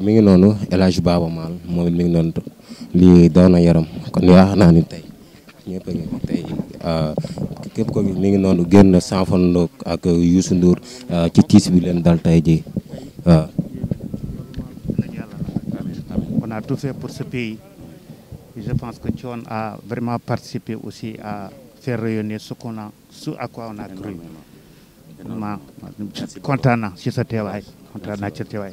waaw mi ngi noonu El Hadj Baba Maal moom it mi ngi noonu lii daw yaram kon yaa naa ni tey ñëpp ah, képp ko mi ngi noonu génn sanfandoog ak Youssou Ndour ah, ci tiis bi leen dal tey ji waaw. fait pour ce pays je pense que Thione a vraiment participé aussi à faire a ce kontaan naa ci sa teewaay kontaan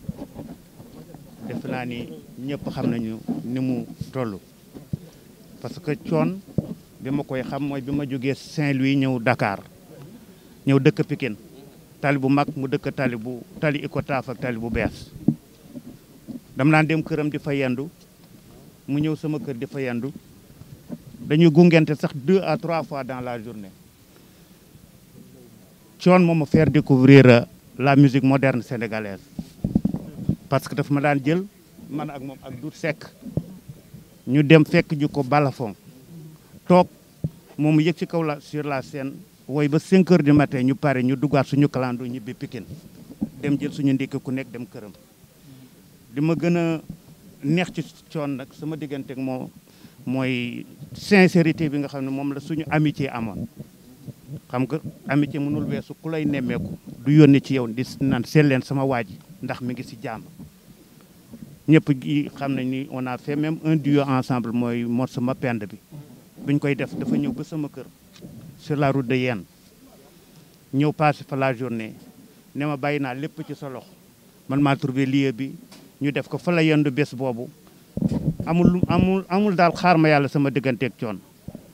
def naa xam nañu ni mu toll parce que coon bi ma koy xam mooy bi ma jógee Saint-Louis ñëw dakaar ñëw dëkk Pikine tali bu mag mu dëkk tali bu tali Icotaf ak tali bu bees dam naan dem këram di fa yendu mu ñëw sama kër di fa yendu dañuy gungente sax deux à trois fois dans la journée coon moom a faire découvrir la musique moderne sénégalaise parce que dafa ma daan jël man ak moom ak du sekk ñu dem fekk ju ko balafon toog moom yëg ci kaw la sur la scène wooy ba 5 heures du matin ñu pare ñu duggaat suñu kalandoo ñibbi Pikine dem jël suñu ndékki ku nekk dem këram di ma gën a neex ci coon nag sama diggante ak moom mooy sincérité bi nga xam ne moom la suñu amitié amoon xam nga amitié mënul weesu ku lay nemmeeku du yónni ci yow di naan leen sama waa ji ndax mi ngi si jàmm ñëpp gi xam nañ ni on a même un duo ensemble mooy morceau ma pend bi buñ koy def dafa ñëw ba sama kër sur la route de Yène ñëw passé fa la journée ne ma bàyyi naa lépp ci sa man maa trouvé lieu bi ñu def ko fa la yendu bés boobu amul amul amul daal xaar ma yàlla sama digganteeg coon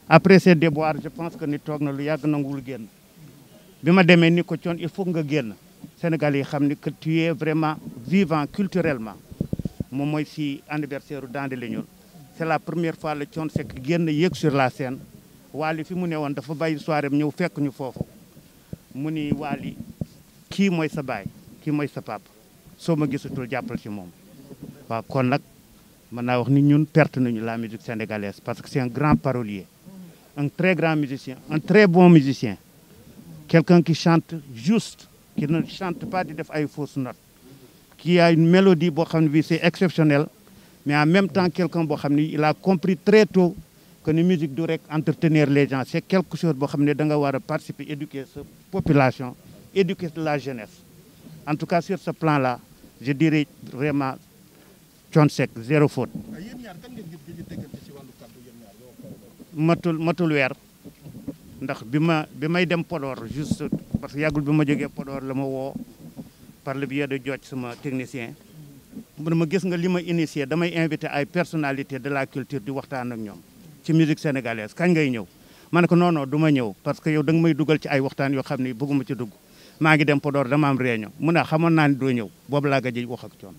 après ces déboires je pense que ni toog na lu yàgg nanguwul génn bi ma demee ni ko coon il faut nga génn Sénégal yi xam ni que tu es vraiment vivant culturellement moom mooy si anniversaire u Dande Leñol c'est la première fois la Thione Seck génn yéeg sur la scène Wally fi mu ne woon dafa bàyyi soirée ñëw fekk ñu foofu mu ni Wally kii mooy sa baay kii mooy sa papa soo ma gisatul jàppal ci moom waaw kon nag mën naa wax ni ñun perte nañu la musique sénégalaise parce que c'est un grand parolier un très grand musicien un très bon musicien quelqu'un qui chante juste qui ne chante pas di def ay fausses notes qui a mélodie boo xam ne bi c'est exceptionnel mais en même temps quelqu'un boo xam ne il a compris très tôt que ni les gens c'est quelque chose boo xam ne danga nga war a participer éduquer sa population éduquer la jeunesse en tout cas sur ce plan là je dirais vraiment Thione Seck zéro faute matul matul weer ndax bi ma bi may dem Podor juste parce que yàggul bi ma jógee podoor la ma woo par le biais de Diodj sama technicien mu ne ma gis nga li ma initié damay invité ay personnalité de la culture di waxtaan ak ñoom ci musique sénégalaise kañ ngay ñëw ma ne ko noonoo non du ma ñëw parce que yow da nga may dugal ci ay waxtaan yoo xam ne bëgguma ci dugg maa ngi dem Podor dama am réunion mu ne xamoon naa ne doo ñëw boobu laa gëj wax ak coon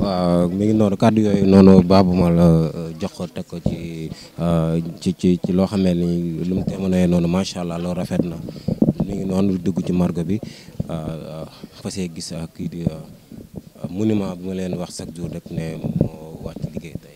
waaw mu ngi noonu kàddu yooyu noonu Baaba la euh, jox ko teg ko ci euh, ci ci ci loo xam ne ni lu mu témoigné noonu macha allah loolu rafet na mu ngi noonu dugg ci margo bi euh, fas gis kii di monument bi ma leen wax chaque jour rek ne moo wàcc liggéey tey.